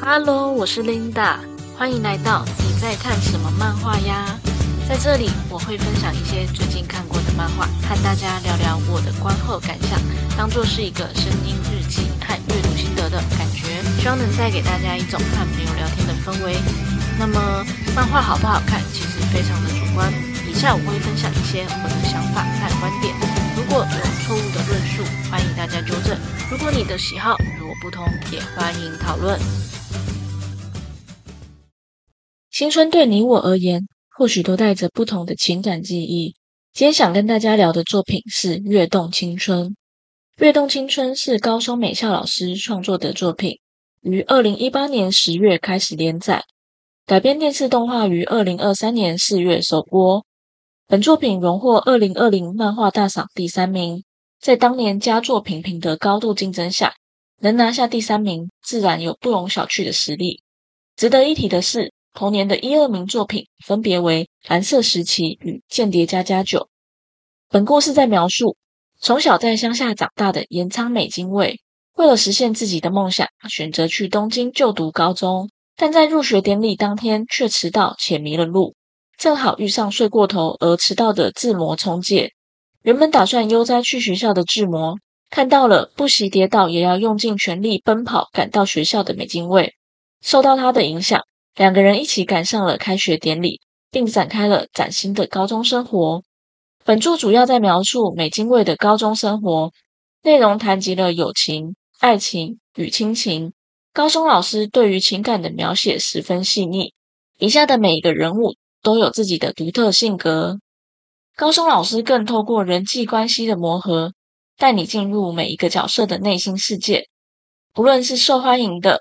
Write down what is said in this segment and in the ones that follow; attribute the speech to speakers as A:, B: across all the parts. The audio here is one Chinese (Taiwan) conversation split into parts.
A: 哈嘍，Hello, 我是琳達。歡迎來到，你在看什麼漫畫呀？在這裡我會分享一些最近看過的漫畫，和大家聊聊我的觀後感想，當做是一個聲音日記和閱讀心得的感覺，希望能帶給大家一種和朋友聊天的氛圍。那麼漫畫好不好看，其實非常的主觀。以下我會分享一些我的想法和觀點，如果有錯誤的論述，歡迎大家糾正。如果你的喜好與我不同，也歡迎討論。青春對你我而言，或許都帶着不同的情感記憶。今天想跟大家聊的作品是《躍動青春》。《躍動青春》是高松美咲老師創作的作品，於二零一八年十月開始連載，改編電視動畫於二零二三年四月首播。本作品榮獲二零二零漫畫大賞第三名，在當年佳作頻頻的高度競爭下，能拿下第三名，自然有不容小覷的實力。值得一提的是，同年的一二名作品分別為《藍色時期》與《間諜家家酒》。本故事在描述從小在鄉下長大的岩倉美津未，為了實現自己的夢想，選擇去東京就讀高中。但在入學典禮當天卻遲到且迷了路，正好遇上睡過頭而遲到的志摩聰介。原本打算悠哉去學校的志摩，看到了不惜跌倒也要用盡全力奔跑趕到學校的美津未，受到他的影響。兩個人一起趕上了開學典禮，並展開了嶄新的高中生活。本作主要在描述美津未的高中生活，內容談及了友情、愛情與親情。高松老師對於情感的描寫十分細膩，筆下的每一個人物都有自己的獨特性格。高松老師更透過人際關係的磨合，帶你進入每一個角色的內心世界，不論是受歡迎的、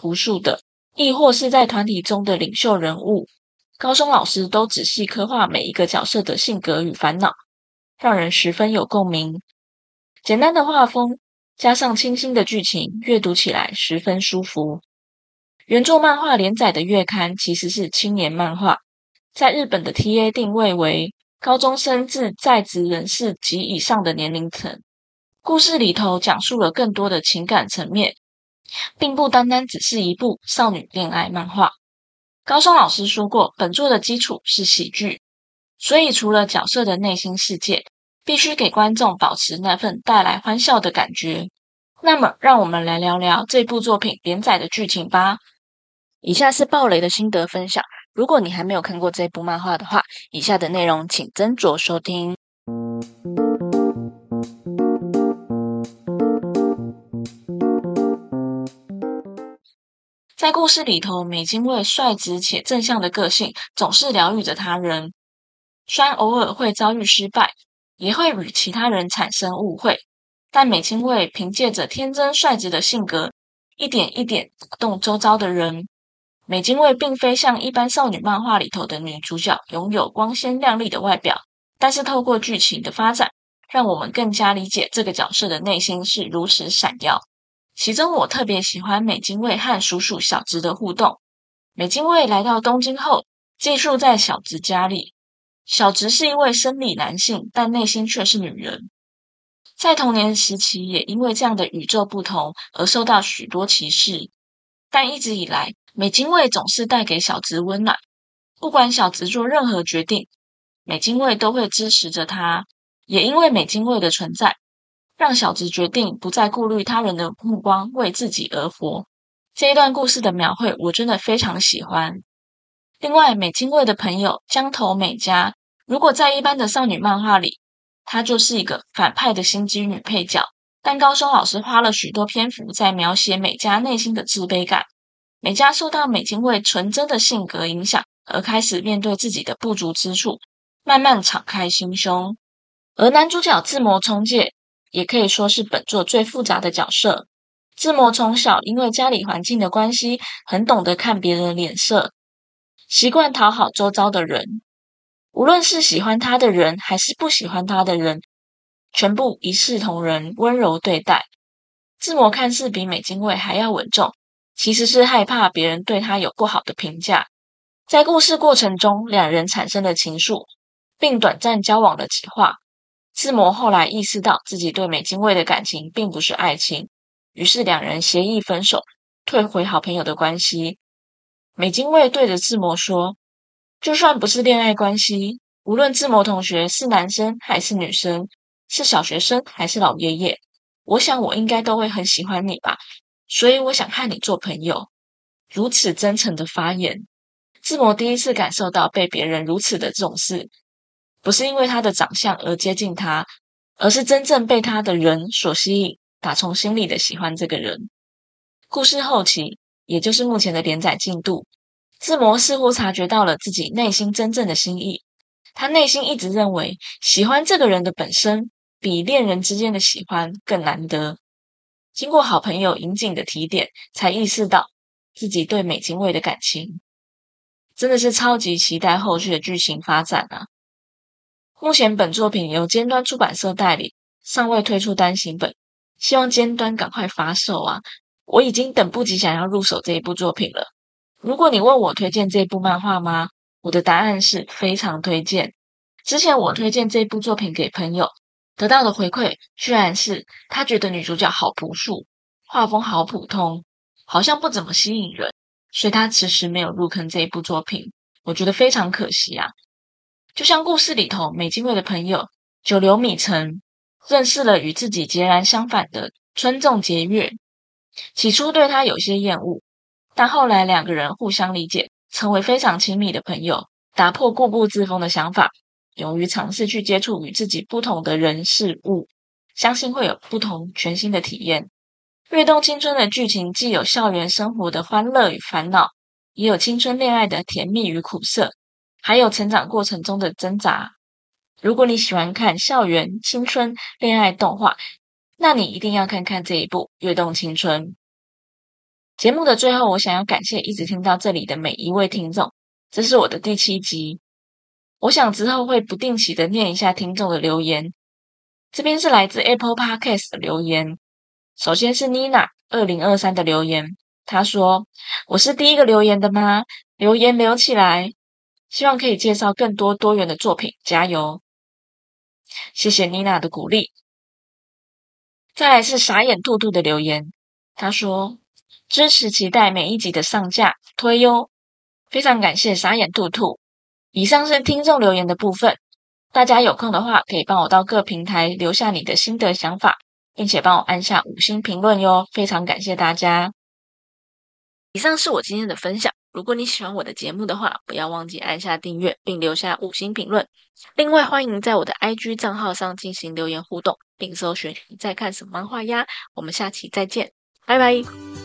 A: 樸素的。亦或是在團體中的領袖人物，高松老師都仔細刻畫每一個角色的性格與煩惱，讓人十分有共鳴。簡單的畫風加上清新的劇情，閱讀起來十分舒服。原作漫畫連載的月刊其實是青年漫畫，在日本的 TA 定位為高中生至在職人士及以上的年齡層。故事裡頭講述了更多的情感層面。並不單單只是一部少女戀愛漫畫。高松老師說過，本作的基礎是喜劇，所以除了角色的內心世界，必須給觀眾保持那份帶來歡笑的感覺。那麼，讓我們來聊聊這部作品連載的劇情吧。以下是爆雷的心得分享。如果你還沒有看過這部漫畫的話，以下的內容請斟酌收聽。在故事裡頭，美津衛率直且正向的個性，總是療癒着他人。雖然偶爾會遭遇失敗，也會與其他人產生誤會，但美津衛憑借着天真率直的性格，一點一點打動周遭的人。美津衛並非像一般少女漫畫裡頭的女主角，擁有光鮮亮麗的外表，但是透過劇情的發展，讓我們更加理解這個角色的內心是如此閃耀。其中，我特別喜歡美津未和叔叔小直的互動。美津未來到東京後，寄宿在小直家裡。小直是一位生理男性，但內心卻是女人。在童年時期，也因為這樣的與眾不同而受到許多歧視。但一直以來，美津未總是帶給小直溫暖。不管小直做任何決定，美津未都會支持着他。也因為美津未的存在。讓小直決定不再顧慮他人的目光，為自己而活。這一段故事的描繪，我真的非常喜歡。另外，美津未的朋友江頭美嘉，如果在一般的少女漫畫裡，她就是一個反派的心機女配角。但高松老師花了許多篇幅在描寫美嘉內心的自卑感。美嘉受到美津未純真的性格影響，而開始面對自己的不足之處，慢慢敞開心胸。而男主角志摩聰介。也可以說是本作最複雜的角色，志摩從小因為家裡環境的關係，很懂得看別人臉色，習慣討好周遭的人。無論是喜歡他的人，還是不喜歡他的人，全部一視同仁，溫柔對待。志摩看似比美津衛還要穩重，其實是害怕別人對他有不好的評價。在故事過程中，兩人產生了情愫，並短暫交往了幾話。志摩後來意識到自己對美津衛的感情並不是愛情，於是兩人協議分手，退回好朋友的關係。美津衛對着志摩說：“就算不是戀愛關係，無論志摩同學是男生還是女生，是小學生還是老爺爺，我想我應該都會很喜歡你吧。所以我想和你做朋友。”如此真誠的發言，志摩第一次感受到被別人如此的重視。不是因為他的長相而接近他，而是真正被他的人所吸引，打從心裡的喜歡這個人。故事後期，也就是目前的連載進度，志摩似乎察覺到了自己內心真正的心意。他內心一直認為喜歡這個人的本身，比戀人之間的喜歡更難得。經過好朋友尹景的提點，才意識到自己對美津未的感情，真的是超級期待後續的劇情發展啊！目前本作品由尖端出版社代理，尚未推出單行本。希望尖端趕快發售啊！我已經等不及想要入手這一部作品了。如果你問我推薦這部漫畫嗎？我的答案是非常推薦。之前我推薦這部作品給朋友，得到的回饋居然是他覺得女主角好樸素，畫風好普通，好像不怎麼吸引人，所以他遲遲沒有入坑這一部作品。我覺得非常可惜啊。就像故事裡頭，美津衛的朋友久留米城認識了與自己截然相反的村重節月，起初對他有些厭惡，但後來兩個人互相理解，成為非常親密的朋友，打破固步自封的想法，勇於嘗試去接觸與自己不同的人事物，相信會有不同全新的體驗。《躍動青春》的劇情既有校園生活的歡樂與煩惱，也有青春戀愛的甜蜜與苦澀。還有成長過程中的掙扎。如果你喜歡看校園、青春、戀愛動畫，那你一定要看看這一部《躍動青春》。節目的最後，我想要感謝一直聽到這裡的每一位聽眾。這是我的第七集，我想之後會不定期的念一下聽眾的留言。這邊是來自 Apple Podcast 的留言。首先是 Nina 2023的留言，他說：“我是第一個留言的嗎？留言留起來。”希望可以介紹更多多元的作品，加油！謝謝妮娜的鼓勵。再來是傻眼兔兔的留言，他說，支持期待每一集的上架推喲，非常感謝傻眼兔兔。以上是聽眾留言的部分，大家有空的話可以幫我到各平台留下你的心得想法，並且幫我按下五星評論喲，非常感謝大家。以上是我今天的分享。如果你喜歡我的節目的話，不要忘記按下訂閱並留下五星評論。另外，歡迎在我的 IG 賬號上進行留言互動，並搜尋你在看什麼漫畫呀。我們下期再見，拜拜。